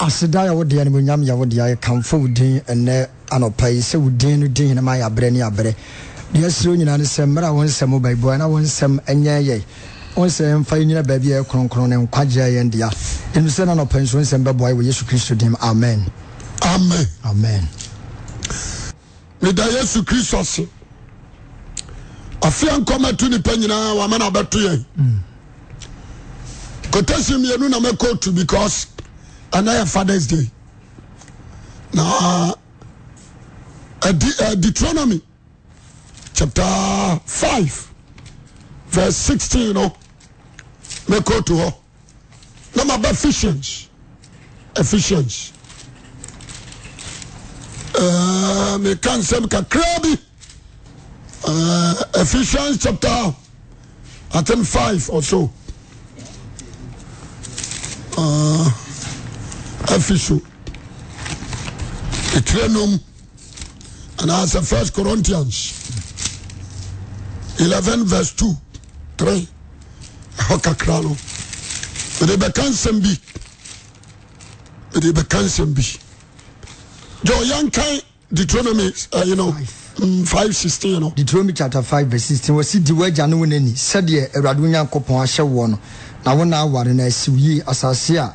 aseda yɛ wodeɛ no munyam yɛ wodeɛ yɛkamfo wo din ɛnɛ anɔpa yi sɛ wo din no din no ma yɛ ne aberɛ deɛ suro nyinaa ne sɛ mmerɛ a wo nsɛm baibua na wo nsɛm ɛnyɛ yɛ wo nsɛm mfa nyina baabi a ɛkronkron ne nkwagyeɛ yɛn dea ɛnim sɛ na anɔpa nsuo nsɛm bɛboa wɔ yesu kristo dim amen amen amen meda yesu kristo se afea nkɔmato nnipa nyinaa wama abɛto yɛn kotasim mmienu na mɛkɔ tu mm. because anaye fathers day na uh, diteronomy uh, chapter five verse sixteen o uh, me kotoo namaba efficience efficience me kam seme ka krabe effeciance chapter aten five or so afi so ɛtwerɛ nom anaasɛ first corinthians eleven verse 2 3 ɛhɔ kakra no mede bɛka nsɛm bi mede bɛka nsɛm bi gya ɔyɛnkan deuteronomy uh, you know, mm, 5 16 no deuteronomy chapter five, verse sixteen. wɔsi di w'agya ne wo n'ani sɛdeɛ awurade onyankopɔn ahyɛ wɔ no na wo na aware na asiw yie asase a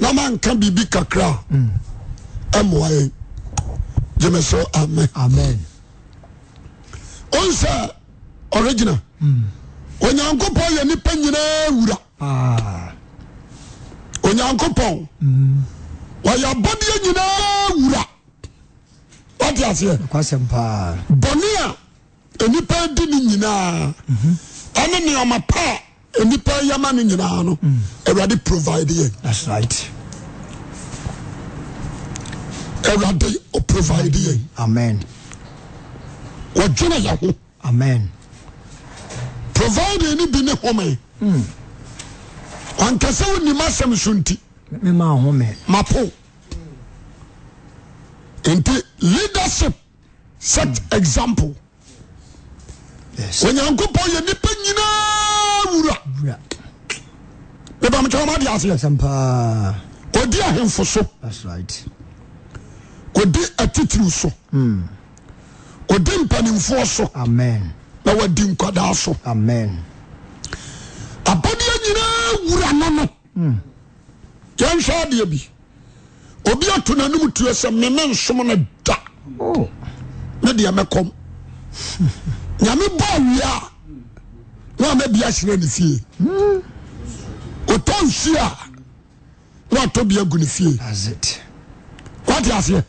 na manka biribi kakraa ɛmoa yɛ gyemeso ame onsɛ oreginal onyankopɔn yɛ nnipa nyinaa wura ah. onyankopɔn wayɛ abɔdeɛ nyinaa wura wateaseɛ bɔne a ɛnipa di ne nyinaa mhm. ɛne neɔma paa ɛnipa yɛma no nyinaa no ɛwurade provideyɛ ɛwurade ɔprovideɛ amen wɔdwene yɛ hoan providee no bi ne home hmm. wankasɛ wonnima sɛm so nti ho mapo nti leadership such hmm. example onyankopɔn yɛ nnipa nyinaa wura meba mekyɛ wama aseɛ kɔdi ahemfo so kɔdi atitiriw so hmm. kɔdi mpanimfoɔ so na wadi nkwadaa so abɔdeɛ nyinaa wura no no hmm. yɛnhwɛ adeɛ bi obi ato n'anom tuo sɛ meme nsom no da ne oh. deɛ mɛkɔm nyame bɔ awia a wọn bɛ bia hyerɛ ne fie ɔtɔ nsuo a wọn atɔ bia gu ne fie wate aseɛ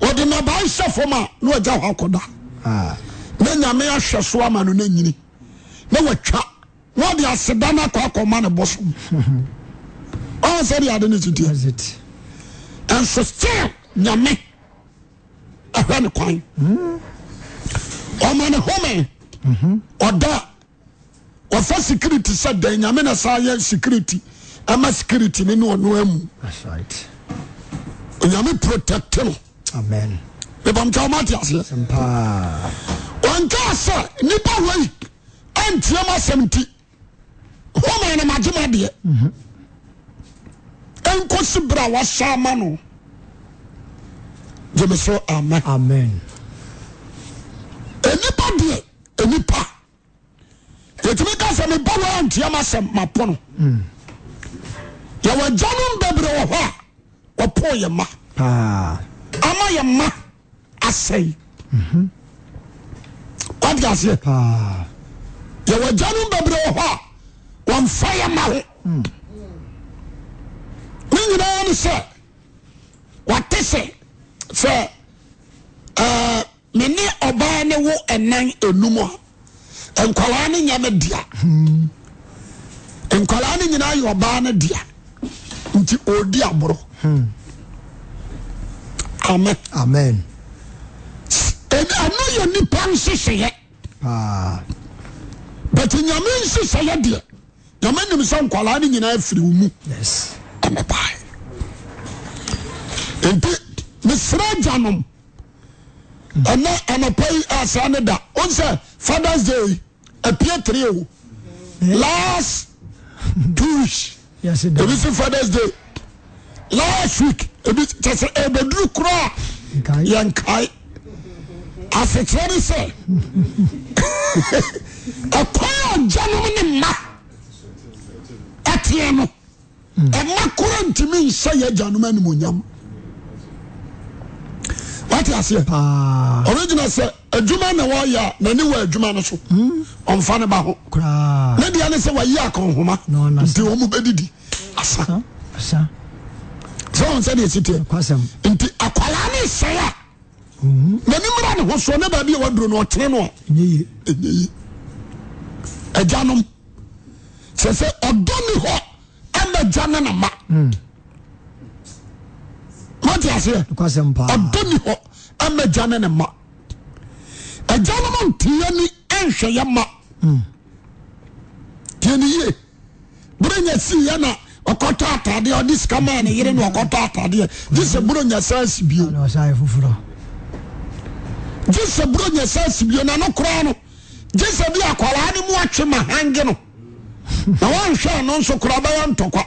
wɔde nabaa hyɛ fam a na wɔgya hɔ akɔda na nyame ahwɛ so ama no na nyini na wɔatwa wɔde aseda no akɔ akɔma ne bɔ so ɔn sɛ de ade no titie ɛnso still nyame ahwɛ ne kwan ɔma ne home ɔda wɔfa security sɛ dɛn nyame ne sa yɛ security ɛma security ne neɔno amu yame protectlo epamawomateaseɛ nkaa sɛ nipa hi antiɛm asɛm nti homaanamagema mhm. deɛ ɛnkose berɛ a wasaama no yemeso ame ɛnipa deɛ anipa yɛtumi ka sɛ meba wɔ antuam asɛm mapɔ no hmm. yɛwɔ gyanom bebree wɔ hɔ a wɔpoo yɛ ma ah. ama yɛ ma asɛe mhm. wate aseɛ ah. yɛwɔ gyanom bebree wɔ hɔ a wɔmfa yɛ ma ho hmm. ne nyinaa ne sɛ wate sɛ sɛ eh, mene ɔbaa ne wo ɛnan enum a nkwala ne nyame dea nkwara ne nyina yɛ ɔbaa ne dea nti odiaboro ameamn ano yɛ nipa nseseyɛ but yame nsesɛyɛ deɛ yame nim so nkwala ne nyinaa firiw mu meba nti mesera ganom ɛnɛ anapa yi asaa ne da ou sɛ fathers day apie tire o last dusbi so fathers day last week bkyɛsɛ ɔdaduru eh, koraa yɛnkae asekyerɛ ne sɛ ɛkae ɔgyanom ne mma ɛteɛ no ɔma mm. kora ntimi nsyɛ yɛ agyanom animonyam wate aseɛ ɔno gyina sɛ adwuma na wɔyɛ a n'ani wɔ adwuma no so ɔmfa hmm? no ba ho ne deɛ ne sɛ wayi akɔnhoma nti wɔ mu bɛdidi asa sɛ wɔn sɛdeɛ siteɛ nti akwalaa ne sɛe mm-hmm. a n'ani mmra ne ho soɔ ne baabi a waduro no ɔtene no ɛnyɛ yi agyanom sɛ sɛ ɔdɔ ne hɔ ɛma gya ne ne ma mm. ni h magyane ma gyan no nteani nhwɛ yɛma nye erasɛnaɛsɛ brnyasasibionano kra no yesɛ bi akala ne mu atwe ma hange no na wanhwɛ ano nso kra bɛya ntɔkan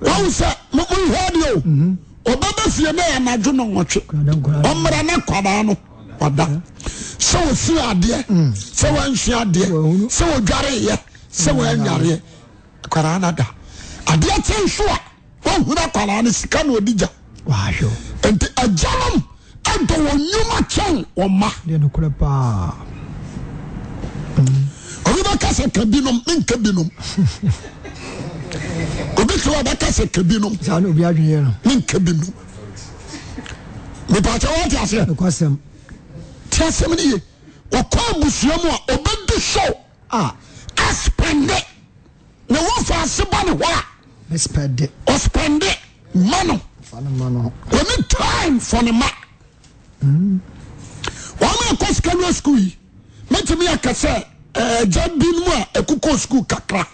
wọn sẹ mo n hẹ de o mhm. ọba bẹ fie bẹ yàn n'adwo na nwọtwe ọmọdé ne kwadaa no ọda sẹ wọ fi adeɛ sẹ wọ nsu adeɛ sẹ wọ dware yɛ sẹ wọ ɛnyare yɛ kwadaa da adeɛ tẹ nsu a wọn hun akwadaa ne sika na odi gya nti ɛgya nom ɛdɔ wɔn nyuma kyɛn wɔn ma. obi bɛ kasa kabinom ne nkabinom sɛ wobɛka sɛ ka bi nom menka bi nom mepaakyɛ wote aseɛ te asɛm no ye wɔkɔ abusua mu a ɔbɛdi show aspɛnde na wofa ase ba ne hɔ a ɔspɛnde ma no ɔne time fɔ ne ma wɔma ɛkɔ sika no asukuu yi mɛtumi aka sɛ gya binom a ɛkokɔ sukuu kakra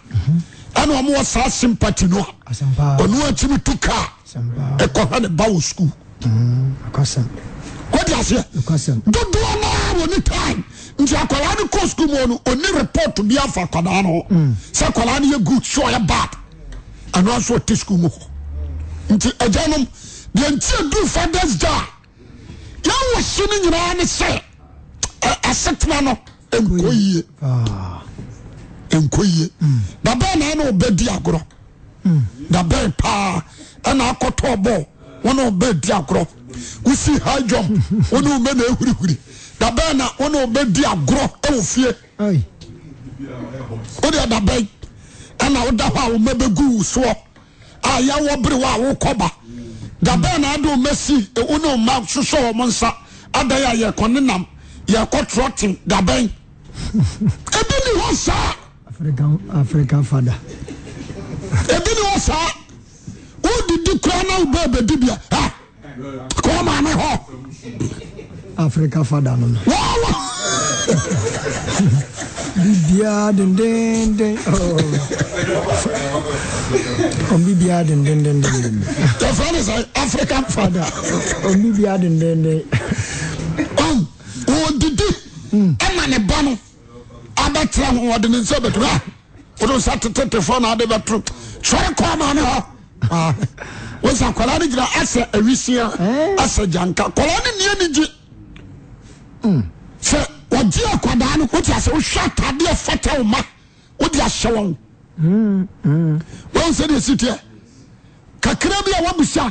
ɛna ɔmowɔ saa sympaty no a ɔno atimi to ka ɛkɔhwɛ ne ba wɔ sukuul mm, wdeaseɛ dodoɔ noa wɔne time nti akwaraa no kɔ sukuul mu no ɔni report bi afa akwadaa no hɔ mm. sɛ akwaraa no yɛ good sɛ ɔyɛ bad ɛno nso ɔte sukuul mu hɔ nti agyanom deɛ nti adu fathers day a yɛwɔ hye no nyinaa ne sɛ asetena no nkɔ yie nkɔyie dabɛn mm. na ɛna agorɔ paa ɛna akɔtɔ bɔɔl wɔn a agorɔ high jump wɔn a ɔbɛ na ehurihuri dabɛn na wɔn a ɔbɛdi agorɔ ɛwɔ fie o deɛ ɛna ɔda hɔ a ɔmɛ bɛ gu soɔ a hɔ a ɔkɔ ba na adi ɔmɛ e mm. si na ɔmɛ soso wɔn nsa ada yɛ a yɛkɔ nenam trɔtin ebi ni hɔ african african father. ebi ni wọ́n sá ó didi kura náà ó bẹ́ẹ̀ bẹ́ẹ̀ dibi ẹ̀ kọ́ maa mi họ. african father nínú. wọ́ọ̀lọ́. bibia dendenden ɔn oh. bibia dendenden. tẹ̀fọ́ ni sẹ́ african father. ɔn bibia dendenden. atera ho ɔde ne nsa bɛtumi a wode nsa tetetefoɔ na ade bɛtoro sɔre kɔɔ ma ne hɔ ah, wosa kwala no gyina asɛ awisia eh? asɛ gyanka kwala no nnia ne gye hmm. sɛ wɔgye akwadaa no wote asɛ wohwɛ atadeɛ fata wo ma wode ahyɛ hmm, hmm. wɔn wɔn sɛ deɛ siteɛ kakra bi a wabusa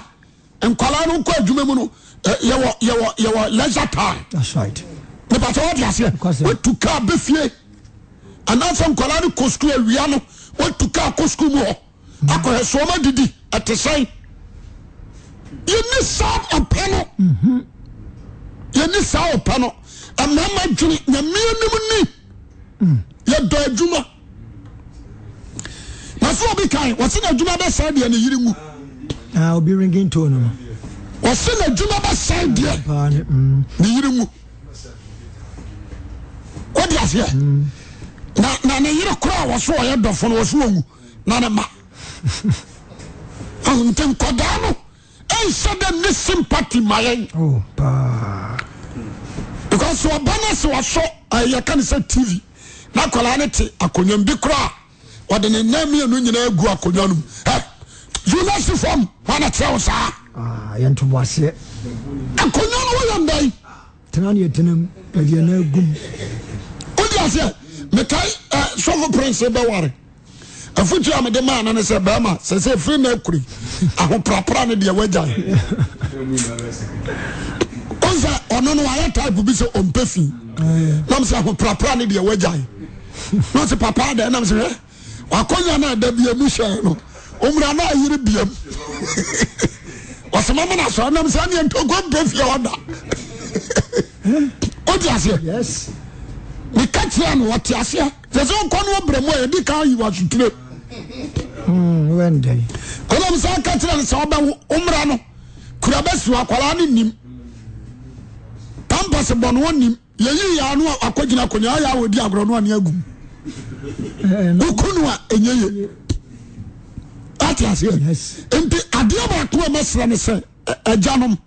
nkwala no nkɔ adwuma mu no eh, yɛwɔ leisure time nepɛ sɛ wode aseɛ wotu kaa bɛfie anaasɛ nkɔla no kɔ sukuu awia no watu kaa kɔ sukuu mu hɔ akɔhɛ soɔma didi ɛte sɛn yɛni saa ɔpɛ no yɛni saa ɔpɛ no ɛmɛɛma dwene nyamea nom ni yɛdɔ adwuma naso obi kan wɔsi na adwuma bɛ sɛn deɛ ne yiri mu ah, obi ringi ntoo no wɔsi na adwuma bɛ sɛn deɛ ne mm. yiri mu wɔdi aseɛ. Mm. na ne yere koraa wɔ so ɔyɛ dɔfo no wɔ so ɔwu na ne ma nti nkɔdaa no ɛnhyɛ dɛ ne sympathy ma yɛn oh, because ɔba no se wɔsɔ yɛka no sɛ tv na akwadaa no te akonnwa bi koraa ɔde ne nan mmienu nyinaa gu akonnwa no mu yunasi fam wana kyerɛ wo saa ah, yɛntoboaseɛ akonnwa no woyɛ ndɛn tena ne yɛtenam aduana agum wodi aseɛ metae eh, sɔfo prince bɛware afotu a mede maa nane sɛ bɛrima sɛ sɛ firi na akuri ahoprapra no deɛ wagyae ɔsɛ ɔno no wayɛ type bi sɛ ɔmpɛ fii nam sɛ ahoprapra no deɛ wagyae na ɔsɛ papa dɛ nam sɛ hwɛ wakɔnya no ada biam hyɛe no ɔmmra no ayere biam ɔsɛ mama no nam sɛ neɛ ntɔkɔ mpɛ fie ɔda wote aseɛ meka kyerɛ no wɔte aseɛ sɛ sɛ wokɔ no wɔbrɛ mu a yɛdi ka yiw asotire hmm, kɔnam saa ka kyerɛ no sɛ wobɛ wommra no kura bɛsiw akwaraa no nim pampas bɔno wɔ nim yɛyi yaa no akɔgyina akonnwa ayɛ a wɔdi agorɔ no ane agum eh, woku no a ɛnyɛ ye ate aseɛ nti adeɛ baako a mɛserɛ no sɛ agyanom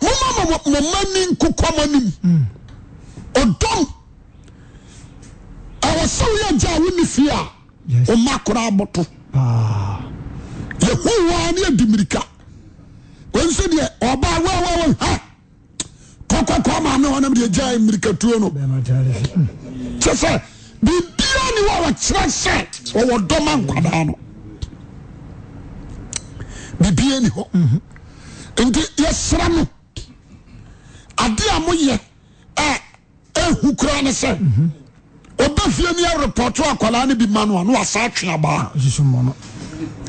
moma moma ni nkokɔma nim hmm. ɔdɔm ɛwɔ sɛ woyɛ gya a wonni fie a woma kora boto ah. yɛhowa ne adi mirika wɔnso deɛ ɔba wawawa ha kɔkɔkɔ ma me wɔnam deɛ gya mmirikatuo no hmm. kyɛ sɛ biribia ni wɔ wɔkyerɛ sɛ wɔwɔ dɔma nkwadaa no biribia ni hɔ mhm. nti yɛsrɛ no ade a moyɛ a ɛhu koraa ne sɛ mhm. obe fie ni ɛrepɔto akwadaa no bi ma no ɔno asa atwe abaa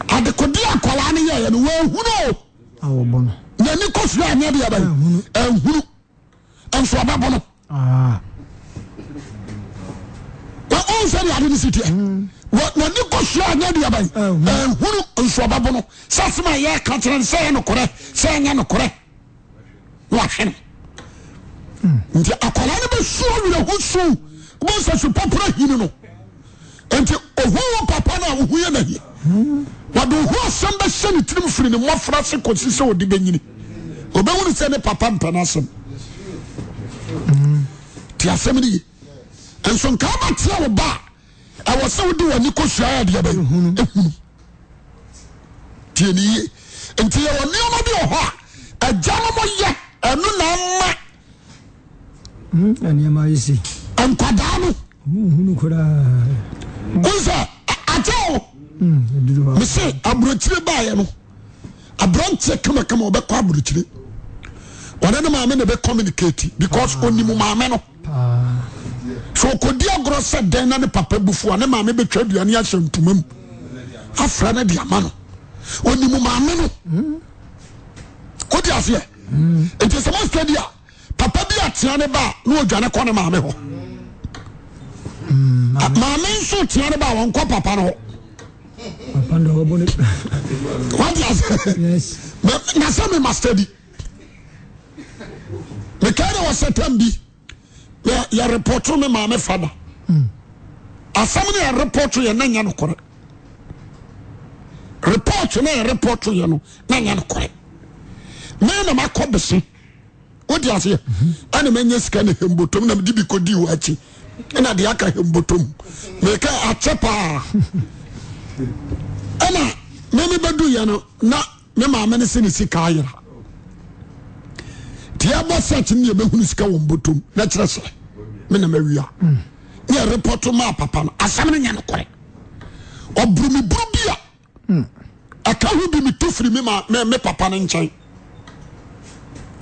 adekode akwadaa no yɛ yɛn wɔn ehunu o yɛni kɔfie anya bi yaba yi ehunu nso ɔbɛbɔ no wɔn o nsɛ ni ade ni si tiɛ mm. wɔn ni kɔfie anya bi yaba yi ehunu nso ɔbɛbɔ no sasema yɛ kankyere sɛ yɛ nokorɛ sɛ yɛ nyɛ nokorɛ wɔahwɛ no mm. nti akwadaa no bɛ su ɔwura ho moses pɔpra hini no nti ohuwo papa no a ohu yɛ nahi wɔde ohu asɛm bɛhyɛ ne tirim firi ne mmɔfra se kɔsi sɛ ɔde bɛnyini obɛhunu sɛ ne papa mpɛ no asɛm nti asɛm no ye nso nka womatea wo ba a ɛwɔ sɛ wode w'ani kɔsua adeɛ bɛyɛ ɛhunu tieniye nti yɛwɔ nneɛma bi wɔ hɔ a agya no mɔyɛ ɛno na ma hmm, nneɛma yɛ si nkwadaa no wosɛ akyɛ wo mese aburokyire baeɛ no aberanteɛ kamakama ɔbɛkɔ aburokyire ɔne ne maame na communicate because ah. ɔnim maame no ah. so ɔkɔdi agorɔ sɛ dɛn na ne papa bufu a ne maame bɛtwa aduane ahyɛ ntoma mu afra no de ama no ɔnim maame no hmm. wode aseɛ hmm. nti sɛ mɔsɛ di a papa bi atea ne ba ne ɔdwane kɔ ne maame hɔ mm, maame nso tea ne ba a wɔnkɔ papa no hɔ na sɛ me master bi mekae dɛ wɔ sɛtam bi yɛrepɔto me maame fada mm. asɛm no yɛrepɔto yɛ na nyɛ nokorɛ report na yɛrepɔto yɛ no na nyɛ nokorɛ me na makɔ bese wode aseɛ ɛne manya sika ne hembotom na mede bi kɔdi wo akyi ɛna deɛ aka hembotom meka akyɛ paa ɛna meme bɛduyɛ no na me maame ne se ne sika ayera tiabɔ search ne yɛ bɛhunu sika wɔ mbotom na kyerɛ sɛ menam awia ne yɛ repɔto maa papa no asɛm no nyɛ nokorɛ ɔboromeburu bi a ɛka ho bi meto firi me papa no nkyɛn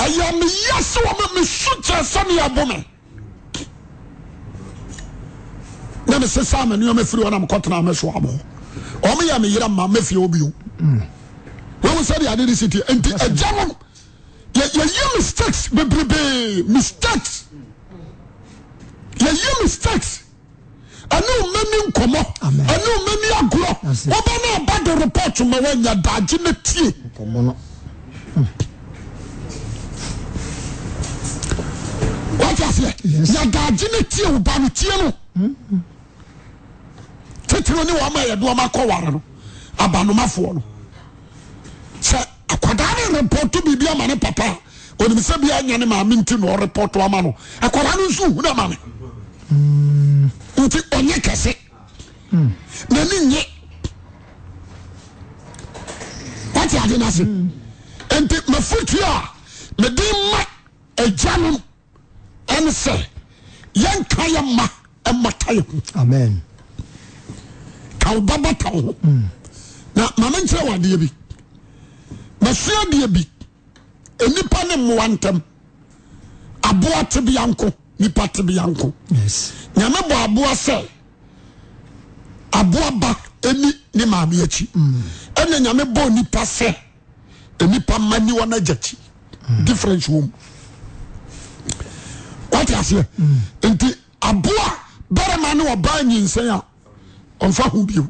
ɛyɛ meya se wɔ ma mesu kyerɛ sɛne yɛbo me na mese saa ma nneɔma firi hɔ na mekɔtena mɛso abɔ ɔmeyɛ meyerɛ ma mɛfie wo bio wɔmu sɛde ade de siti enti agya no yɛyɛ mistakes bebrebee mistakes yɛyɛ mistakes ɛne omani nkɔmmɔ ɛne omani agorɔ wobɛ ne aba de report ma woanya daagye no tie aseɛ yɛdaagye no o wo ba no tie no titiri ne wɔma yɛdeɔma kɔ ware no abanomafoɔ no sɛ akwadaa ne repɔto biribi ama ne papa a onim sɛ bia nya ne maame nti na ɔrepɔto ama no akwadaa no nso hunu ama me mm. nti ɔnyɛ kɛse mm. n'ani nye wate ade no ase mm. nti mafotu a mede ma agya no ɛne sɛ yɛnka yɛ ma ɛma tayɛ ho kawo ba ba tawo ho mm. na mamenkyerɛ wo adeɛ bi masoadeɛ bi anipa ne mmoa ntɛm aboa tebeanko nipa tebeanko nyame bɔ aboa sɛ aboa ba ani ne maabeakyi mm. ɛnɛ nyame bɔɔ nipa sɛ anipa ma ni wana agyakyi mm. different wom wate aseɛ nti aboa barima ne ɔbaa nyinsɛn a ɔmfa ho bio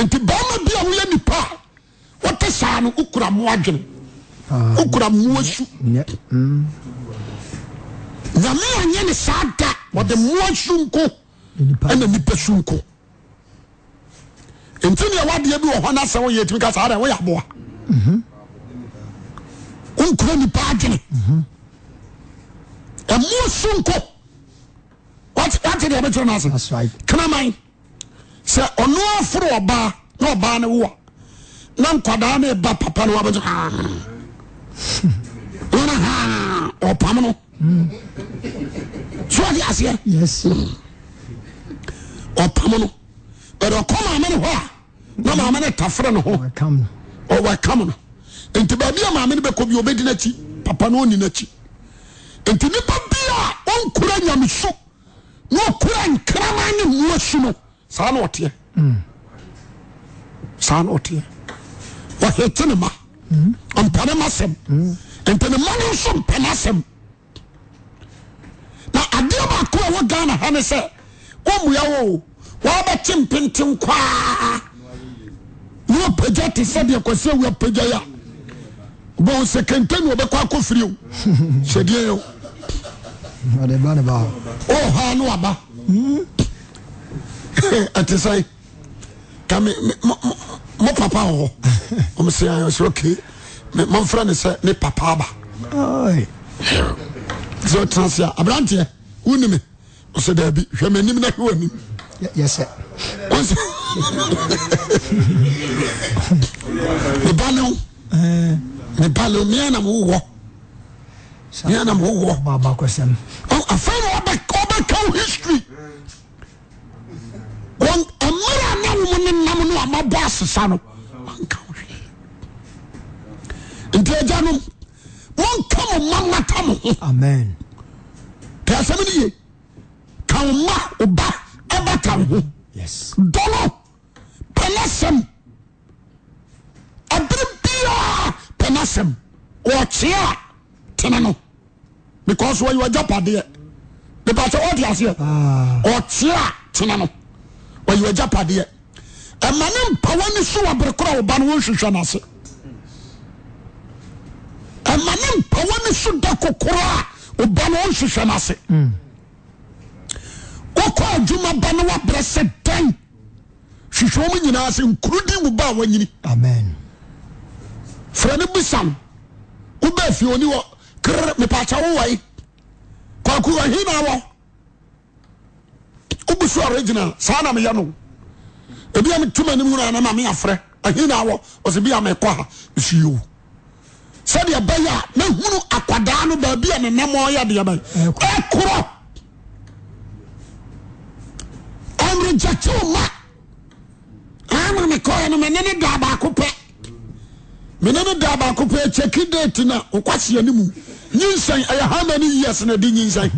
nti barima bi a woyɛ nipa a wote saa no wokura mmoa dwene wokura mmoa su nyame anyɛ ne saa da wɔde mmoa su nko ɛna nipa su nko nti ne ɛwadeɛ bi wɔ hɔ no sɛ woyɛ tumi ka saa dɛ woyɛ aboa mhm. wonkura nipa adwene mhm ɛmu nso nkɔ wate deɛ ɛbɛkyerɛ no ase kraman sɛ ɔno aforo ɔbaa na ɔbaa no woa na nkwadaa ne ɛba papa no wabɛgye ɔno ah. ha ɔpam ah. no so ɔde aseɛ ɔpam no ɛde ɔkɔ maame no hɔ a na maame no tafere no ho ɔwɛkam no nti baabi a maame no bɛkɔ bi ɔbɛdi n'akyi papa no ɔni n'akyi nti nipa bia ɔnkura nyamesu na ɔkura nkrama ne mua su no saa na ɔteɛ saa na ɔteɛ te ne ma mpɛne ma sɛm nti ne ma no nso mpɛne asɛm na adeɛ baako a ɛwɔ ghana ha ne sɛ wɔmmua wo wɔabɛkye mpenten kwaa ne ɔpagya te sɛdeɛ kɔsɛ wi apagya yi a bɔn sɛ kɛntɛn na ɔbɛkɔ akɔfiri o hyɛdeɛ yɛ o Oh no aba hmm? Attends c'est ka mon papa me sait, ok frère ne sait ne papa aba sɛ le se a aberanteɛ je me Je na C'est. c'est ne C'est eh. ne Le mien na yẹn na mo wọ afẹn na ọbẹ ọbẹ kaw history wọn mmerẹ anamọ ne nam no ama bọ asesa no wọn kaw hwee nti ẹja no wọn ka mo ma mata mo ho amen tẹ ẹsẹ mi ni ka o ma o ba ẹ bá ta o ho dọlọ pẹlẹsẹm abiri biara pẹlẹsẹm wọ kyeɛ a tẹnɛ no. because wɔyɛ agyapadeɛ nipa sɛ ɔte aseɛ ɔte a tena no wɔyɛ agyapadeɛ ɛma ne mpa wɔne so wɔ bere korɔ ɔba no wɔnhwehwɛ n'ase ɛma ne mpa wɔne so da kokorɔ a ɔba no wɔnhwehwɛ n'ase hmm. wɔkɔ adwuma ba no wɔabrɛ sɛ dɛn hwehwɛ wɔn nyinaa sɛ nkurudi wo ba a wɔanyini frɛ no bisam wobɛ afie oni wɔ kr mepaakyɛ wowai kwaku ahina wɔ wobusu original saa na meyɛ no ebia metuma nim wura na ma meafrɛ ahina wɔ ɔsɛ bia mekɔ ha ɛsio sɛdeɛ bɛyɛ a mahunu akwadaa no baabi a ne nam ɔyɛ deɛ bɛyɛ ɛkorɔ ɔnregyakyew ma amene mekɔɛ no mene ne da baako pɛ mene ne da baako pɛ kyɛki date no wokwaseɛ no mu nyinsɛn ɛyɛ how many years na di nyinsɛn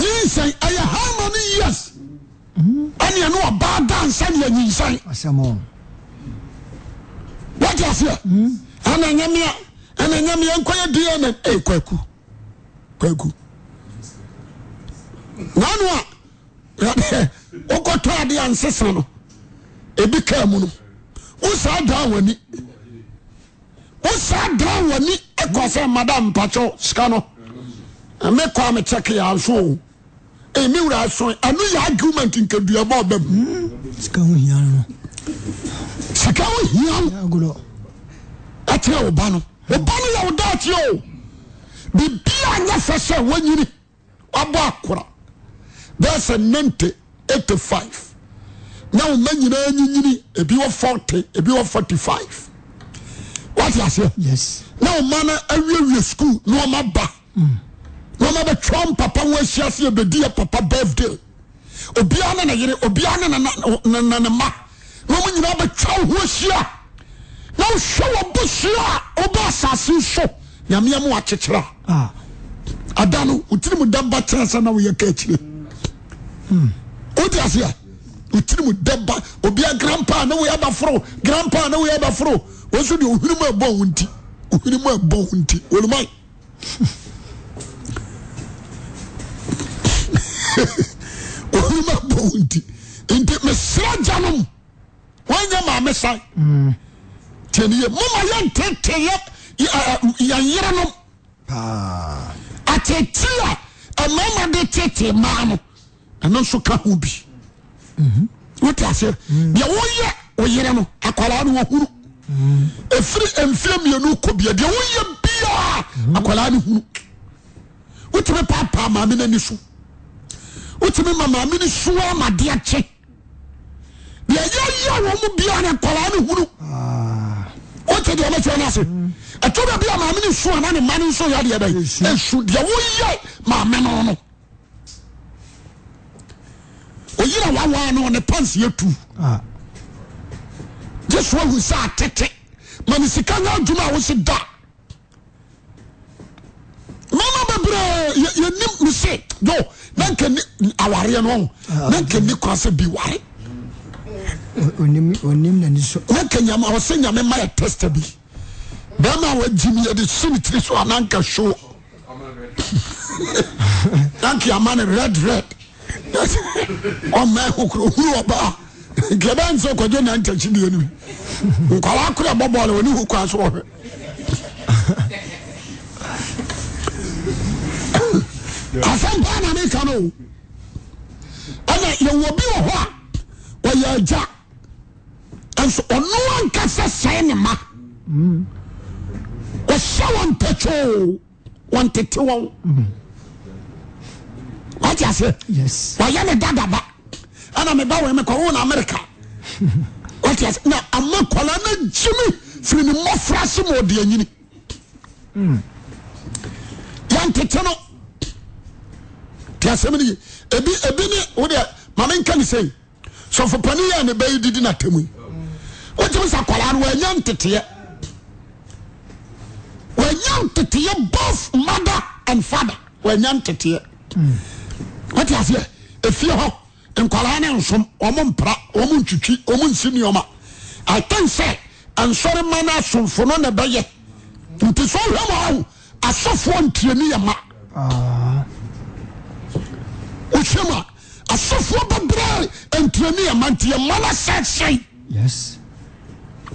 nyinsɛn ɛyɛ how many years ɛneɛ ne ɔbaa da nsa neɛ nyinsɛn wagye aseɛ ana nyamea ana nyamea nkɔyɛ dna kwaku kwaku nanoa wokɔtɔ ade a nsesa no ebi kaa mu no wosaa daa w'ani wosaa daa w'ani ɛkɔ sɛ madam mpakyɛw sika no mekɔ a mekyɛke yɛ aso o ɛmi wura aso ɛno yɛ argument nkaduabɔ ba mu sika ho hia no sika ho hia no ɛkyerɛ wo ba no wo no yɛ wo daakye o biribiaa nyɛ fɛ sɛ woanyini wabɔ akora verse ninety eighty five na wọn mẹ nyinaa nyinyini ebi wọ forty ebi wọ forty five wati ase. yes. Now man, mma na school no wọn aba na wọn abẹ twɛn papa wọn ahyia ase ebedi yɛ papa birthday obiara na na yere obiara na na na na ma No wọn nyinaa abɛ twɛn ho ahyia na ɔhwɛ wɔn bo hyia a ɔba asase so nyamea mu akyekyere a ah. adanu otiri mu damba kyerɛ sɛ na wɔyɛ kɛkyire. odeaseya otiri mu deba gran pa ngran panebafor s d n nte mesera janom ye mamesan teniye moma yan teteyayanyere no ateteya amama de tete man ɛno nso ka ho bi mhm. wote aseɛ mhm. deɛ woyɛ wo yere no akwaraa no wahuru ɛfiri mhm. mfiri mmienu kɔ bia deɛ woyɛ biaa akwaraa no huru wotumi paapaa maame no ani so wotumi ma maame no soa madeɛ kye deɛ yɛyɛ wɔ mu biaa no akwaraa no huru ah. wote deɛ ɔmɛkyerɛ no ase ɛtɔ baabi maame no soa na ne ma no nso yɛ deɛ bɛn ɛsu deɛ woyɛ maame no no oyira wawa no ne pants non, tu non, ah. one we saw tete. non, sika non, non, se da mama non, non, me se yo non, non, non, no non, ah. non, ni na non, non, non, nyame ma non, so ananka red red ọmọ ẹkọ kuro huru ọba gẹbẹ nsọ kọjọ náà ntẹkyi ni ẹni nkọla akọrọ bọ bọọlù wọn ni hu kọ aso ọhẹ. asɛmpa na meka no ɛna yɛwɔ bi wɔ hɔ a ɔyɛ agya nso ɔno ankasa sɛe ne ma ɔhyɛ wɔn ntɛkyoo wɔntete wɔn watease wayɛ ne dadaba ane meba we mekwone amerika ta na ama kwala hmm. no gimi firinimɔfra semɔdeayini yantete no asmineeɛbine we mamenkani se sɛfo paneyɛne bɛididi na tamui eteme sa kwala n waayateteɛ waaya teteɛ both mother and father waayamteteɛ hmm. mɛtiasɛ ɛfie hɔ nkwala ne nsom ɔmo mpra ɔmo ntwitwi ɔmo nsineɔma aten sɛ nsɔremano asomfo no ne bɛyɛ nti sɛ ohwɛm asofoɔ ntiani ɛma osam a asofoɔ bɛberɛ ntiani ɛma nti yɛmana sɛsɛi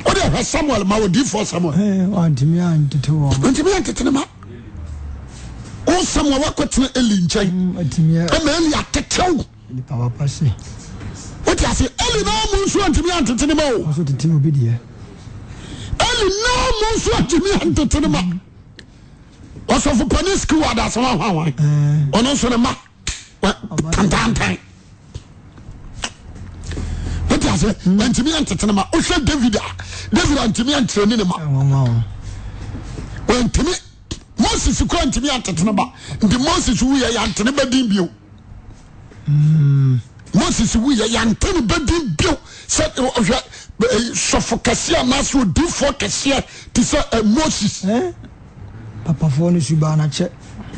wode hwɛ samlianteterema wọn sẹmu a wakọtena eli nkyɛn ɛna mm, eli atetew wote a eli naa mu nso antumi antete ne ma o eli naa mu nso antumi antete ne ma mm. ɔsɔfo panin sikiri wɔ adaasa wɔn ahwa wɔn eh. ɔno nso ne ma tantantan wote ase mm. antumi antete ne ma ɔhwɛ david a david antumi antete ne ma ɔntumi moses kura ntumi antetene ba nti moses wuyɛ yantene bɛ din bio moses wuyɛ yantene bɛ din bio sɛ eh, ɔhwɛ eh, sɔfo kɛseɛ anaasɛ odiifoɔ eh, kɛseɛ te sɛ moses papafoɔ no subaa no kyɛ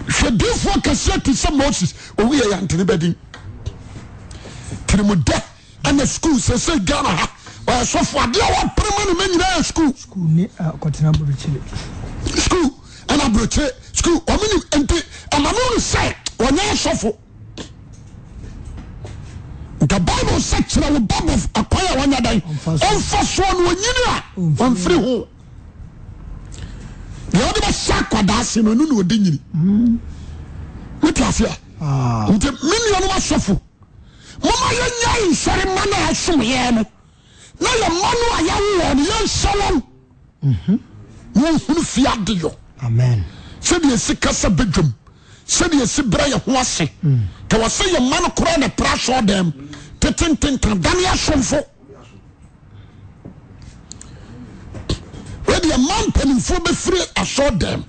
hwɛ diifoɔ kɛseɛ te sɛ moses ɔwuyɛ yantene bɛ din tirimudɛ ɛna sukuu sɛsɛ ghana ha ɔyɛ sɔfo adeɛ a wɔperema no ma nyinaa yɛ sukuu sukuu ɛnbrɛk sn amanono sɛ ɔnyɛsɔfo nka bible sɛ kyerɛ oaɛ nyadɔmfa soɔno yini a mfiri ho ɛ wode bɛsɛ kdaase nnnde yin mɛiasia mhm. ah. nti menunomasɔfo moma yɛnya nsɛre ma no a ɛsomyɛ no na yɛ ma no a yɛwɔno yɛnsɛ mhm. won na ɔhuno fiadeyɔ amensɛdeɛ si kasa bɛdom sɛde si bera yhoase mm. sɛymanor prɛ sdm ttentntadaeɛsomfo dema panifo bɛfiri asodm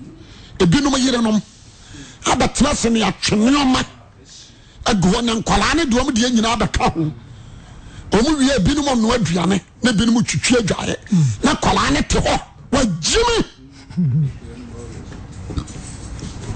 binom yerenom abtemaseneatene ma din binomn daewiwian ne th ime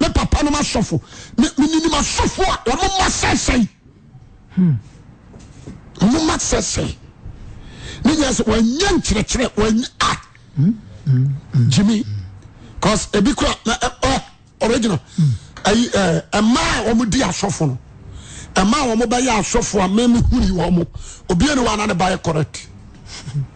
me papa no ma masɔfo ma asɔfo a ɔmoma sɛsɛi hmm. ɔmoma sɛsɛi ne nyɛ sɛ wanya nkyerɛkyerɛ wanya a Jimmy. cause ebi kora na original hmm. ayi ɛmaa a wɔn di asɔfo no ɛmaa a wɔn bɛyɛ asɔfo a mɛmi huri wɔn obiara ni wɔn anan ne ba yɛ correct.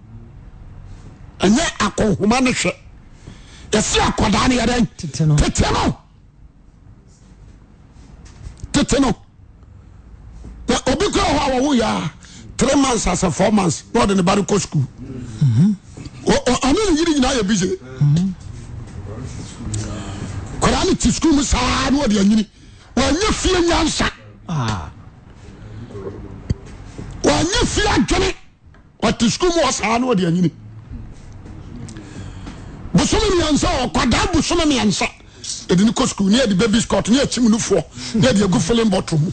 ɛnyɛ akɔhoma ne hwɛ yɛsea kɔda ne yɛden tte no tete no obikora hɔ a wɔwoyɛ tremans ase formanse na ɔdene bare ko scol ɔneneyere nyinayɛbise kda ne te scumu saa n de ayini anya fie nyansa anya ah. fie adwene ate schomu wɔ saa nwde ayini bosome miyansa ɔkwadaa bosome mmiɛnsa ɛde ne kɔ sukuu ne yɛde baby scot ne yɛkyim no foɔ ne yɛde agu filling bottle mu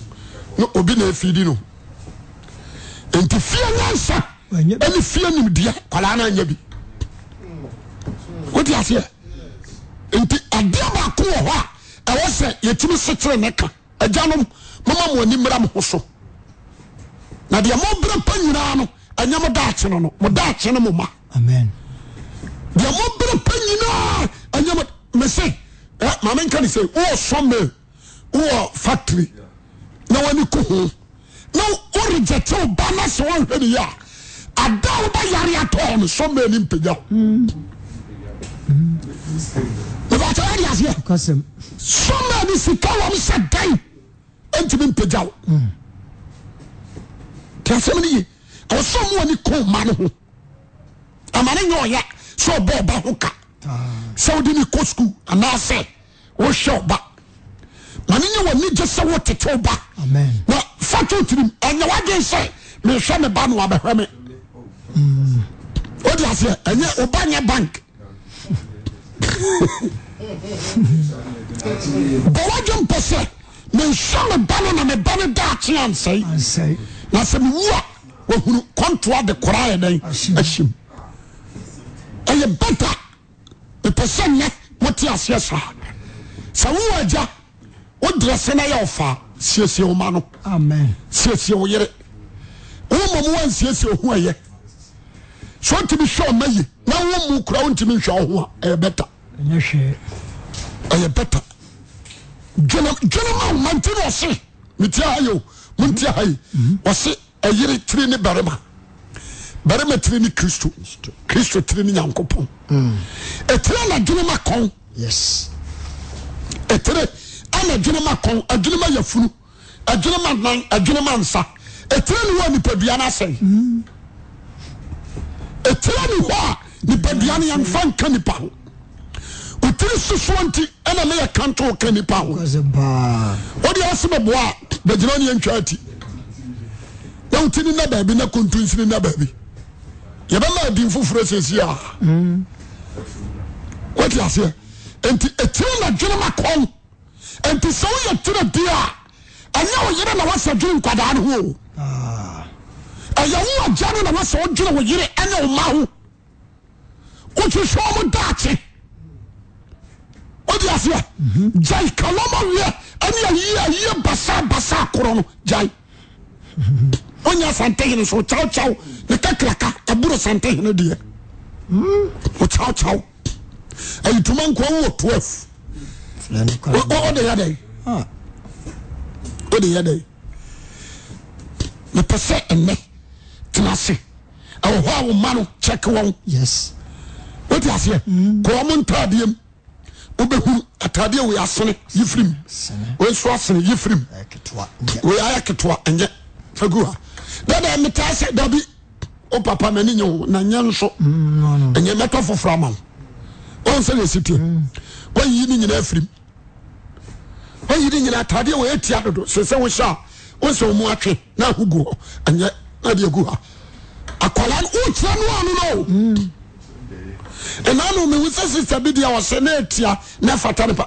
na obi na afidi no nti fie nyansa ɛne fie nimdeɛ kwadaa no anyɛ bi wote aseɛ nti adeɛ baako wɔ hɔ a ɛwɔ sɛ yɛtumi sekyere ne ka agyanom mama mo ani mmra mo ho so na deɛ mɔbrɛ pa nyinaa no ɛnyɛ mo daakye no no mo daakye no mo ma amen mobere pa yinaa ayem mese maminkenise wwsonme wwa factory nawanikoho n worejeteo banaseweheniye adawobayariaton some ni mpeja ebatadease some ni sikalom se de antimi pe jao teasemoneye sonm wani ko maneho amane yooya sɛnasɛ wohwɛ ba mane yɛ wnye sɛ wotete wba na faotiri nyaoe sɛ mehɛ mebanhme s ba yɛ bank bwodpɛ sɛ menswɛ meban nameban dake nsɛ nasɛmewu ntde kradease ɛyɛ bata mepɛ sɛ nnɛ wote aseɛ saa sɛ wowɔ agya woderɛ sɛ no yɛ ɔfaa siesie wo ma no siesie wo yere woma mu wansiesie ho ɛyɛ sɛ wotumi hwɛ ɔma yi na womu kora wontumi nhwɛ wo ho a ɛyɛ bɛta ɛyɛ bɛta dwene ma wo mante ne ɔse metia ha yo montia ha yi ɔse ɛyere tiri ne barima barima tiri ni kristo kristo tiri ni nyankopɔn mm. ɛtiri anadwenema kɔn ɛtiri kon. kɔn Et yafunu adwenema nan que nsa ɛtiri ni hɔ a nipadua no asɛn mm. ni hɔ a nipadua ni yɛmfa nka nipa ho otiri sosoɔ nti ɛna ne yɛ kanto ka nipa ho a ni na na baabi na na yɛbɛma adin foforɔ sɛsi a wote aseɛ enti ɛtiri na dwene ma kɔn enti sɛ woyɛ tiri di a ɛnyɛ wo yere na woasɛ dwene nkwadaa ne ho o ah. ɛyɛ wo agya no na woasɛ wodwene wo yere ɛne wo ma ho wohwehwɛ mo daakye wote aseɛ mhm. gyae kalɔma wiɛ ɛne ayie ayie basaa basaa korɔ no gyae mhm. oya santensookyakya nekeklaka or snthendeɛ kyakya atma nku 2dd epɛsɛ nɛ tenase ɛwhɔwo man kekw wetseɛ km ntadem woɛhataessn efriyaketa gha d metse dabi papaniye ye so yeto fofro m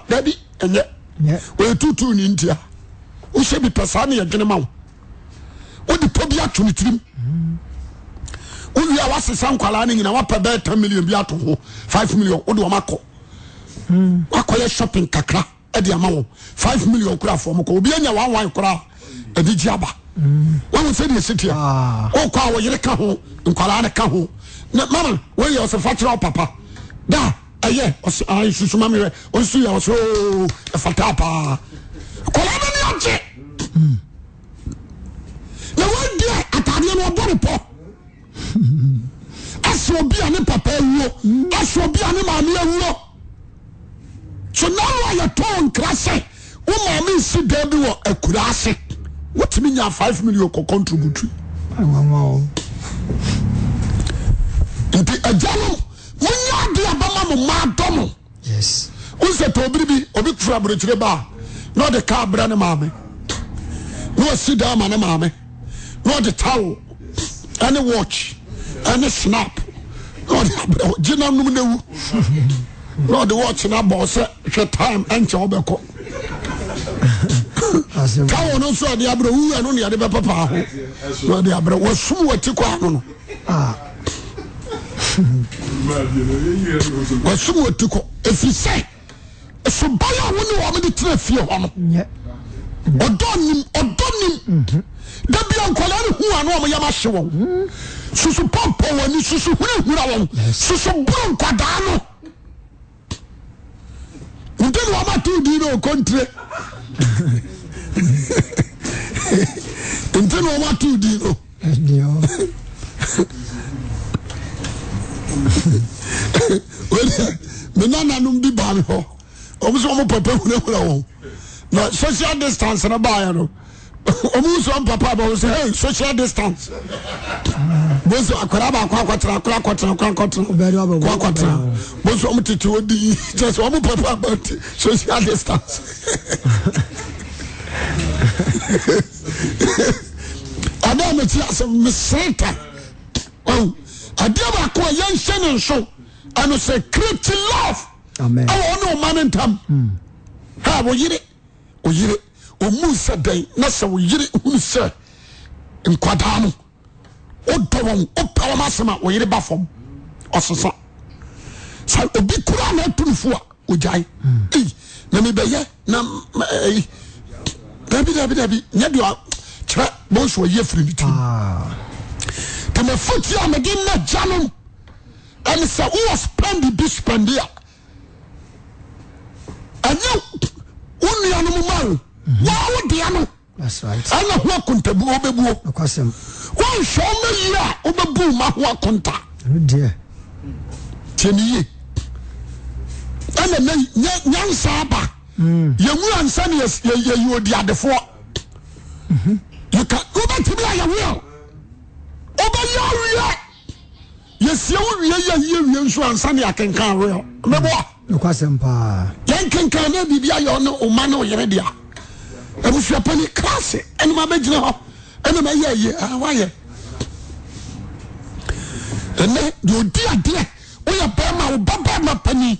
yayeee ye tutu ndia sebpesaneinema wode pɔ bi ato ne tirim wowie a woasesa nkwalaa no nyina woapɛ bɛɛ 10 million bi ato ho 5 million wode wɔm akɔ wakɔyɛ shopping kakra ɛde ama wɔ 5 million kora fɔm kɔ obi anya wanwan kora ɛde gye aba wahu sɛdeɛ sitia ah. wokɔ a wɔyere ka ho nkwalaa no ka ho mama woyɛ ɔsɛ fa kyerɛ wo papa da ɛyɛ ah, susuma mewɛ ɔnso yɛ ɔsɛ ɛfataa paa kɔla bɛne agye na ɔbɔ ne pɔ asɔ obi a ne papa awuo asɔ obi a ne maame awuo so na wa tɔn nkira wo maame nsi dan bi wɔ akura ase wotumi nya five million kɔ contributory. nti agya no wonya ade abama mo ma adɔ mo wosɛ tɔ obiri bi obi kura aburokyire ba a kaa brɛ ne maame na dan ma ne maame na ɔde ɛne watch ɛne snap gyina nom no wu na ɔde watch no abɔ sɛ hwɛ time ɛnkyɛ wobɛkɔ tawo no nso ade abrɛ wu ɛno ne bɛpɛpaa ho na ɔde abrɛ wasum wati kɔ ano no wasum wati kɔ ɛfiri sɛ ɛsobayɛ a wo ne wɔ mede tena fie hɔ no ọdọ nim ọdọ nim dabi nkwalẹ ni hu anu ọmọ yẹn ma ṣe wọn susu pọmpọ wọn ni susu hunahuna wọn susu buru nkwadaa no nti ni wọn ma tu di ní okontire nti ni wọn ma tu di no wẹ́n mi nana num bi baa mi hɔ ɔmu sọ wọn pẹpẹ hunahuna wọn. social distance ne bano omusm papa b social distance artaasoial distance dmets mesereta adebakoa yensene nso anesekretlof ane mane ntam hmm. haoyere oyere omu sɛ dɛn na sɛ oyere hunu sɛ nkwadaa no wodɔ wɔn wopɛ wɔn asɛm a oyere ba fam ɔsesa sɛ obi kura na atu no fo a ogyae hmm. ei na mebɛyɛ na ei dabi dabi dabi nyɛ deɛ kyerɛ bɔnso ɔyɛ firi ne tirim ah. tamafa tia mede na gya no ɛne sɛ wowɔ spendi bi spendi a ɛnyɛ wo nuanom ma wo waa wo dea no ɛna ho akontabu wobɛbuo wonhwɛ ɔma yi a wobɛbu ma ho akonta tiɛniye ɛna nɛ nyansa aba yɛwu ansa ne yɛyi odi adefoɔ yɛka wobɛtumi a yɛwe a wobɛyɛ aweɛ yɛsie wo wie yɛyie wie nso ansa ne yɛkenka aweɛ nokwasɛm paa yɛnkenka na biribi ayɛ ɔne ɔma ne ɔyere dea abusua pani krase ɛnoma bɛgyina hɔ ɛnoma ɛyɛ yie wayɛ ɛnɛ deɛ ɔdi adeɛ woyɛ bɛrima wo ba bɛrima pani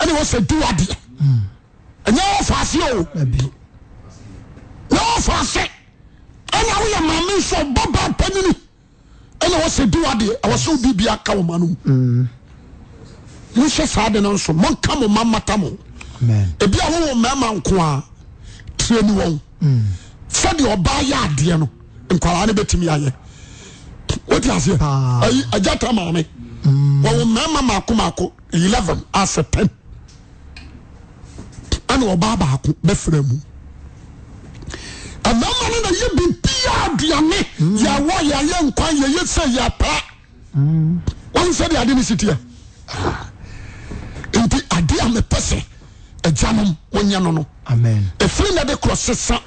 ɛne wɔsɛ di wadeɛ ɛnyɛ wɔfaase o na wɔfaase ɛna woyɛ maame nso ɔba baa panini ɛne wɔsɛ di wadeɛ ɛwɔ sɛ wobibia ka wo ma no mu mm monhyɛ saa de no nso monka mo ma mmata mo ebi a wowo mmarima nko a tie ni wɔn hmm. sɛdeɛ ɔbaa yɛ adeɛ no nkwaraa no bɛtumi ayɛ wote aseɛ ayi agyata maame hmm. wɔwo mmarima maako maako eleven asɛ pɛn ɛna ɔbaa baako bɛfra mu mmarima no na yɛ biribiaa aduane hmm. yɛwɔ yɛayɛ nkwan yɛyɛ sɛ yɛpra wɔn sɛdeɛ ade no si teɛ ah. nti adea mepɛsɛ agya no oyɛ no n ɛfiadese tdnosodyɛ aausɛ ɛaaotsɛwoyɛa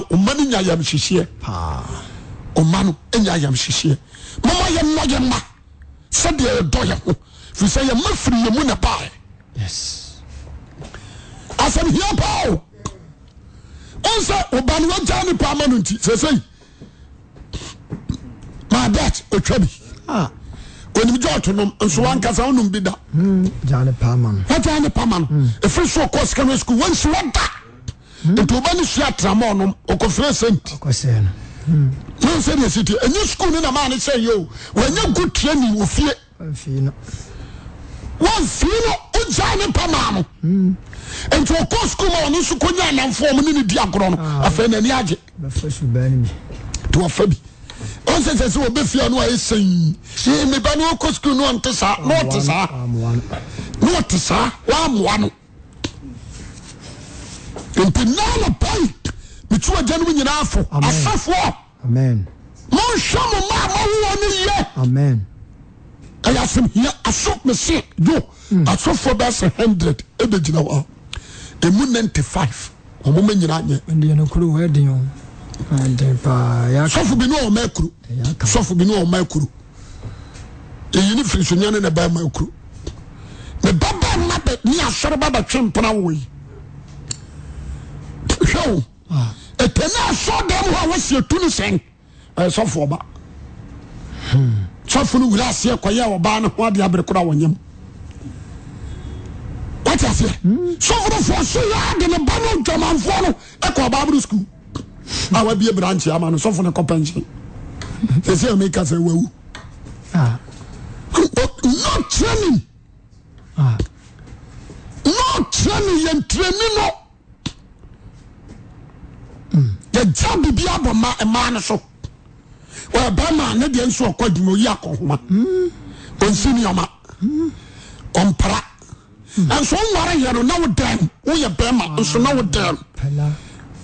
seɛɛierm eieɛfrisɛa firiymunba asɛm hia pao on sɛ woba ne wogya ne paama no nti sɛsɛi my bat twa bi nigɔtnom nsowankasa onbidaane pamaɛfr oɔska nasclwɛnswodantiban sua tramanrɛsɛnsɛnesie ɛnyɛ skul no nama ne sɛɛ wanyɛ go tranim ofie wosii ah, no oya ne pa ma no nti ɔcoscum aɔne nso konya anemfɛia saa amoa no ninano pa metugya nom nyina fo asafoɔ monhwɛ mo ma mawoɔne ye ysh aso mese yo asufo bi se h0n0red beginaha emu nent 5i mma yinayesof bnsof bnma kro yine firi so nane nebama kro ebabma nsreba ba twemperawoyi hw teni aso de mhwosetun sen ysufo eh, ba hmm. sɔfo no wura aseɛ kɔyɛ ɔbaa no ho ade abere koraa wɔnyam wate aseɛ sɔforofoɔ so yɛ ade ne ba no dwamanfoɔ no ɛkɔ ɔbaa boro skul a wabie branche ama no sɔfo no kɔpɛ nkye ɛsɛ yɛ meka sɛ wawu ah. no training ah. no training yɛ ntrani no mm. yɛgya biribi abɔ mmaa no so bɛma ne deɛ nso ɔkɔ adwuma oyi akɔhoma ɔnsi nneɔma ɔmpra ɛnso nware yɛ no na wo dɛm woyɛ bɛma nso na wo dɛm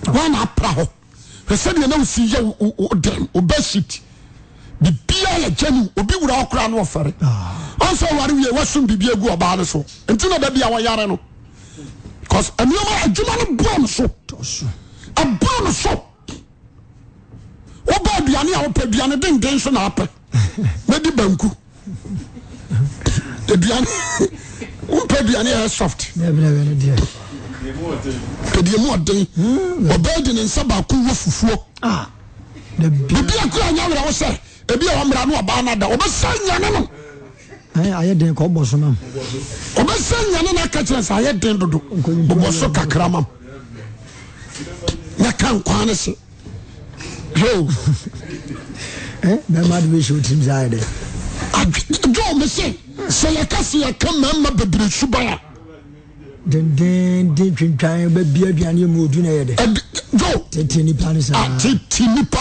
wana apra hɔ hwɛ sɛdeɛ na wosi yɛ wo dɛm obesit bibia yɛ kyɛ ni obi wura ɔkora no ɔfɛre ah. ɔnsɛ ware wie wasom bibia gu ɔbaa no so nti na dabi a wɔyare no cause nneɔma adwuma no boam so wọba aduane a wọpɛ aduane denden so na apɛ mɛdi banku aduane wọpɛ aduane a yɛ soft ediemu ɔden ɔbaa di ne nsa baako wɔ fufuo bibi akura anya wura wosɛ ebi a wɔmira no ɔbaa nada ɔbɛsa nyane no ayɛ den kɔ bɔ so mam ɔbɛsa nyane no aka kyerɛ sɛ ayɛ den dodo bɔbɔ so kakra mam na ka nkwa ne se joe bɛma de bɛhyɛ wotim şey saa yɛ dɛ joe me se sɛ yɛka se yɛka mmarima bebree suban a dendenden twintwan bɛbia aduane mu ɔdu na yɛ dɛ joe tete nipa no saa tete nipa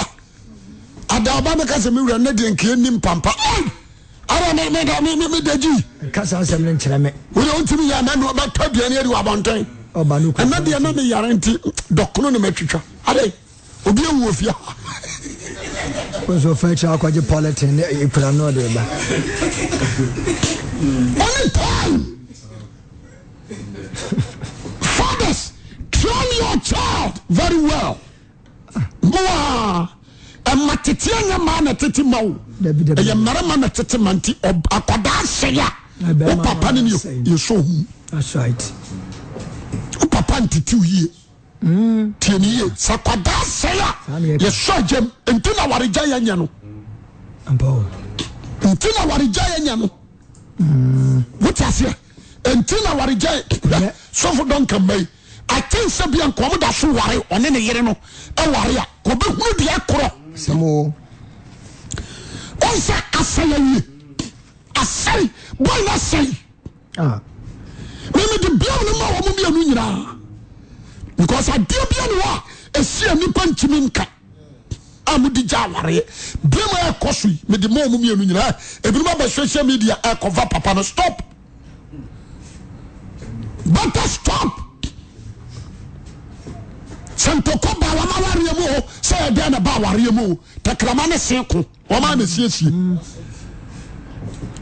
adaaba bɛka sɛ mewura ne deɛ nkeɛ nim pampa ara me me da me me da gi kasa asɛm ne nkyerɛ ya wode wontumi yɛ ana ne ɔbɛtɔ aduane adi wɔ abɔnten ɛna deɛ na meyare nti dɔkono ne matwitwa ade obi awuo fie Eh, faers trayou child veryw moa ɛma teteɛ nyɛma na tete ma woɛyɛ mmarama na tete ma nti akɔdaahyɛya wo papa nn yɛso huwopapantteie tieniye sɛ kwadaa sɛe a yɛsɔ agyam nti na waregya yɛ nyɛ no nti na waregya yɛ nyɛ no wote aseɛ nti na waregya sɔfo dɔnka mmai aten sɛ bia nkɔm da so ware ɔne ne yere no ɛware e a kɔbɛhunu deɛ korɔ ɔnsɛ asɛe awie asɛe bɔyɛ asɛe ah. memede biaw no ma wɔ mo mmianu nyinaa because adeɛ bia ne hɔ a ɛsi a nipa ntumi nka a mode gya awareɛ birima ɛkɔ so yi mede ma mu mmienu nyinaa ebinom aba social media ɛkɔva papa no stop better stop sɛ ntɔkɔ ba wama wareɛ mu hɔ sɛ ɛdeɛ na ba awareɛ mu o tɛkrama ne se ko wɔma na siesie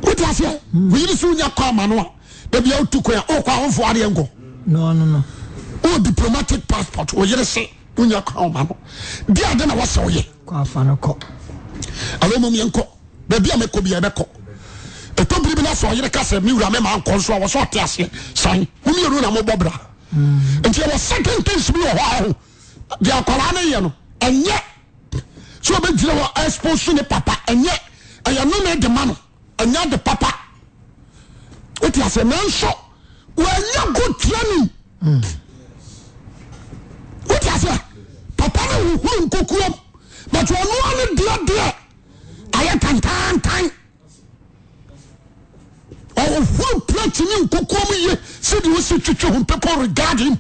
wote aseɛ woyiri so wonya kɔ ama no a da bia wotu kwan a wokɔ a womfo adeɛ nkɔ wɔ diplomatic passport wɔyere se wonya kawoma no bia ade na wɔsɛ woyɛ alo mmom yɛnkɔ baabi a mɛkɔ bia ɛbɛkɔ ɛtɔbiri bi no sɛ ɔyere ka sɛ me wura me ma nkɔ nso a wɔ sɛ ɔte aseɛ san momienu mo mobɔ bra hmm. nti ɛwɔ second things bi wɔ hɔ a ho deɛ akwaraa no yɛ no ɛnyɛ sɛ ɔbɛgyina hɔ expose ne papa ɛnyɛ ɛyɛ no ne de ma no ɛnyɛ de papa wote asɛ nanso wɔanya good, training hmm. asɛ papa no hohoro nkoko but ɔnoa no deɛdeɛ ayɛ tantata hohoro pratene nkokom ye sɛde os twiwi hopɛkregardinbunaah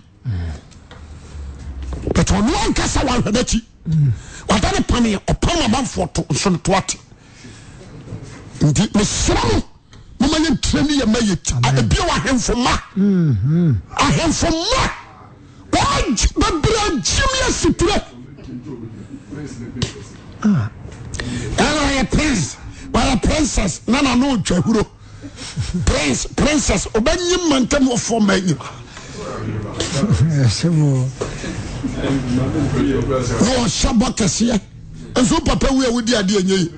aooesoro aytahmohemfoma bɛbrɛimyɛ sipr ah. ɛɛ prinse y princes na nanotwahuro prin princes obɛnyemantamoofɔ ma yi ɔhyɛ bɔkeseɛ ɛnsɛ opapa weawodiadeyɛyi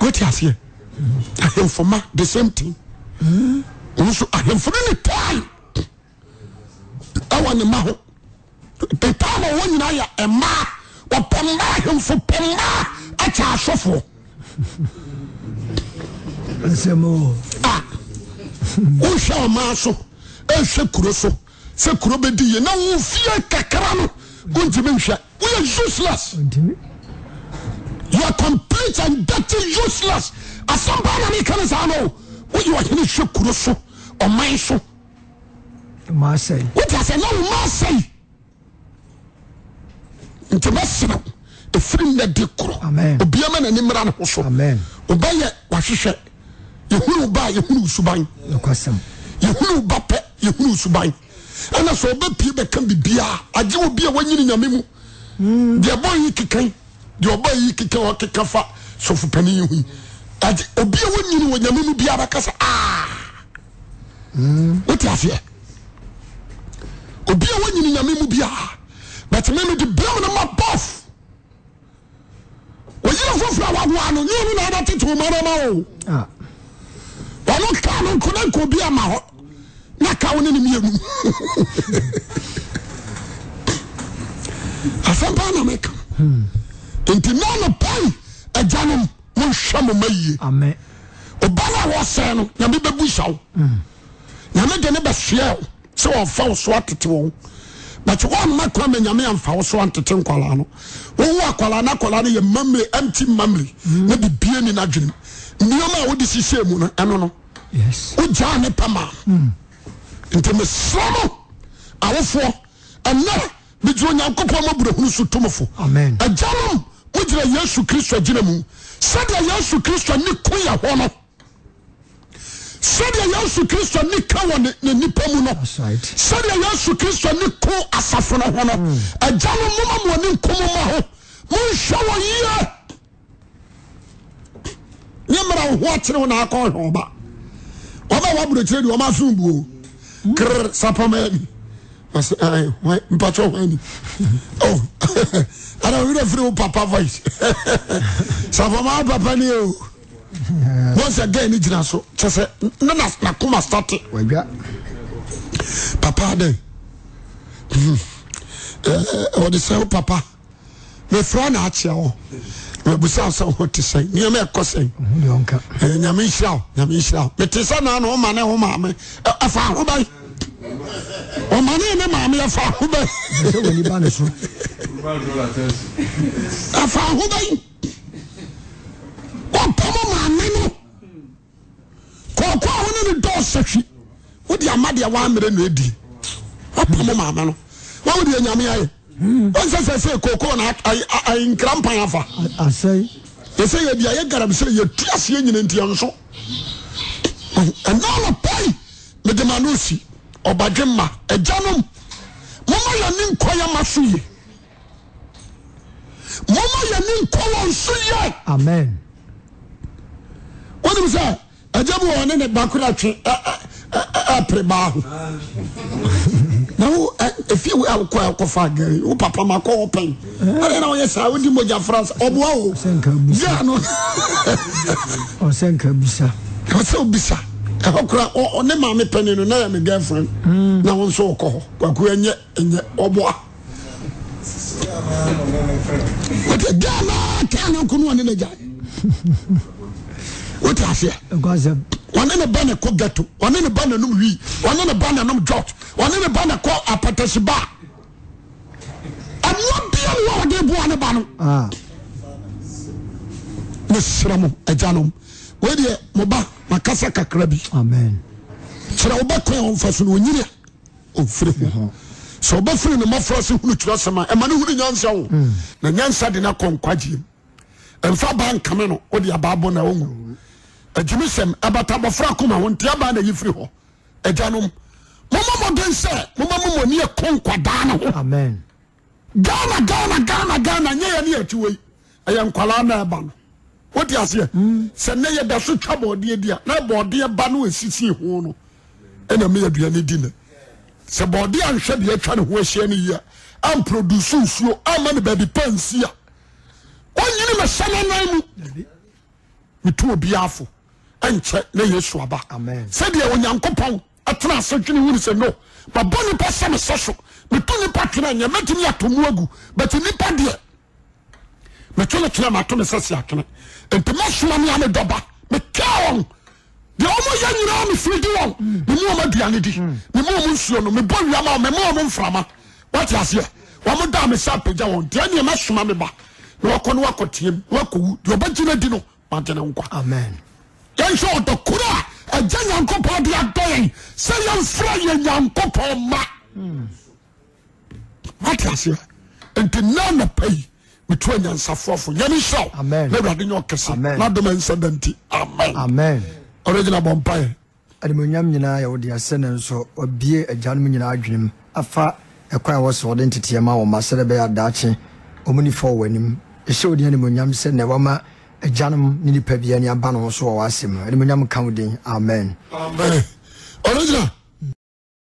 oseɛ ahemfoma the same tm hmm? o ahemfo no ne pa wne ma ho awn wonyinayɛ ma wɔpɔma hmfopama akyɛ asofo wohwɛ ɔmaa so ɛsɛ kuro so sɛ kuro bɛdiyena wofie kakra no wontimihwɛ woyɛ usless yoa competenate usless asampa nanekane sa n woyhene hwɛ kuro so ɔman so wotase n omasei nti mɛserem ɛfirim ne de koro obiama na nimra nohso oba yɛ whwehwɛ yɛhunbayɛhusubiek kk fa sfu panyii ammɛ wotaseɛ obi a wonyini nyame mu biaa but meme de brɛm no ma bɔf oyere foforɔ a ah. wawoa no nyɛ ɔno na wobɛtete omarama o ɔno ka no nkona nka obi ama hɔ na ka wo ne ne mienu asɛm paa na meka hmm. nti na no pai agyanom monhwɛ mo ma yie ɔba no a wɔsɛe no nyame bɛbu hyɛ wo hmm. nyame de ne bɛsoɛ wo sɛ wɔmfa wo so atete wɔn but wɔmma kwa ma nyame amfa wo so antete nkwalaa no wowo akwalaa no akwalaa no yɛ mamre empty mamre na bibie ni n'adwenem nneɔma a wode sisee mu no ɛno no wogyaa ne pama hmm. nti mesra mo awofoɔ ɛnɛ megyina onyankopɔn maburahunu so tomfo agyanom mogyina yesu kristo agyina mu sɛdeɛ yesu kristo ne ko yɛ hɔ no sɛdeɛ yesu kristo ni ka wɔ ne nipa mu no sɛdeɛ yesu kristo ni ko asafo no ho no agya no moma mɔ ne nkomo ma ho monhwɛ wɔ yie ne mmara wo ho akyere wo naakɔ hwɛ ba wɔma wɔaborɔkyerɛ de wɔma asom buo krer sapamaani mpatwɛ hwani ana werɛ firi wo papa voice sapama papa ne o once again gyina so kyɛ sɛ na nakoma state papa dɛn ɔde sɛ wo papa mefra na akyea wo mabusa sɛ wo te sɛn nneɛma ɛkɔ eh, sɛn nyame nhyira wo nyame nhyira wo mete sɛ naa na woma ne ho maame ɛfa eh, eh, ho bɛn ɔma ne ne maame ɛfa ho bɛn ɛfa ho bɛn sɛhwi wode amadeɛ wamrɛ n ɛdi mm wwode nyameaɛ ɛnsɛsɛsɛ hmm. koko nnkra mpa afasɛi yɛsɛ yɛdia yɛ garam sɛ yɛtu aseɛ nyina ntiɛ nso ɛnenopai medema ne si ɔbadema agjanom moma yɛne nkɔ yɛma so ye moma yɛne nkɔlonsoyɛ amen wonem sɛ agya mu wɔne ne bakora twe apere baa ho na wo efie wo akɔ akɔfa gari wo papa ma kɔ wo pɛn eh? na wɔyɛ saa wodi mogya france ɔboa wo gya no ɔsɛ nka bisa ɔsɛ obisa ɛhɔ kora ɔne maame pɛni no na yɛ me girlfriend hmm. na wo nso wokɔ hɔ kwako ɛnyɛ ɛnyɛ ɔboa wɔte gya naa kaa na nko no wɔne ne gyae wote aseɛ ɔne ne ba ne kɔ gato ɔne ne ba ne nom ɔne ne ba ne jot ɔne ne ba ne kɔ apatasi ba ɛmoa bia wa ɔde boa ne ba no ah. ne serɛ mo agyanom wedeɛ mo ba makasa kakra bi kyerɛ wobɛ kɔɛ ɔmfa so no ɔnyinia ɔmfiri sɛ ɔbɛfiri ne mmɔfra se hunu kyerɛ sɛm a ɛma ne hunu nyansa wo hmm. na nyansa de no akɔ nkwagyeem ɛmfa baa nkame no wode abaabɔ na ɔhu atumi sɛm ɛbatabɔfra koma ho nti aba na yifiri hɔ agyanom momamɔden sɛ momamomɔni ɛko nkwadaa ne ho ghana ghana ghana ghana nyɛ yɛ ne yɛakyiwei ɛyɛ nkwalaa na ɛba no wote aseɛ sɛ nɛ yɛda so twa bɔɔdeɛ di a na bɔɔdeɛ ba no ɛsisii ho no ɛna meyɛ aduane di ne sɛ bɔɔdeɛ anhwɛ deɛ atwa ne ho ahyia no yi a amproduce nsuo ama ne baabi pa nsi a ɔnyini mɛhyɛ no nan mu metoo biafo ɛnkyɛ na yesu aba sɛdeɛ onyankopɔn ɛtena ase twene wuri sɛ no mabɔ nipa sɛ me sɛ so meto nipa twene nyɛ mɛtumi atɔ mu agu but nipa deɛ metwe ne twene mato me sɛ si atwene nti mɛsoma me a dɔba mekaa wɔn deɛ ɔmo yɛ nyinaa me firi di wɔn me mu ɔmo aduane di hmm. me mu ɔmo nsuo no me bɔ wia ma me mu ɔmo mframa wate aseɛ e. wɔn da me sɛ apagya wɔn deɛ neɛ mɛsoma me ba na wɔkɔ no wakɔ team wakɔ wu deɛ ɔbɛgyina di no mante ne nkwa amen yɛnhwɛ ɔdɔkoro a agya nyankopɔn de adɔ yɛn sɛ yɛmfra yɛ nyankopɔn ma wate aseɛ nti na na pa yi metu anyansafoɔfo nyame hyɛw na awurade nyɛ ɔkɛse na adom ansɛ da nti amen ɔregyina bɔmpaeɛ animonyam nyinaa yɛwode asɛ ne nso ɔbie agyanom nyinaa adwenem afa ɛkwan a wɔsɛ wɔde nteteɛma wɔ ma sɛdɛ bɛyɛ adaakye ɔmu nifa wɔ anim ɛhyɛ wodi animonyam sɛ nɛ wɔma agyanom ne nipa bia ne aba no so wɔ w'asɛm animonyam ka wo din amen ɔno gyina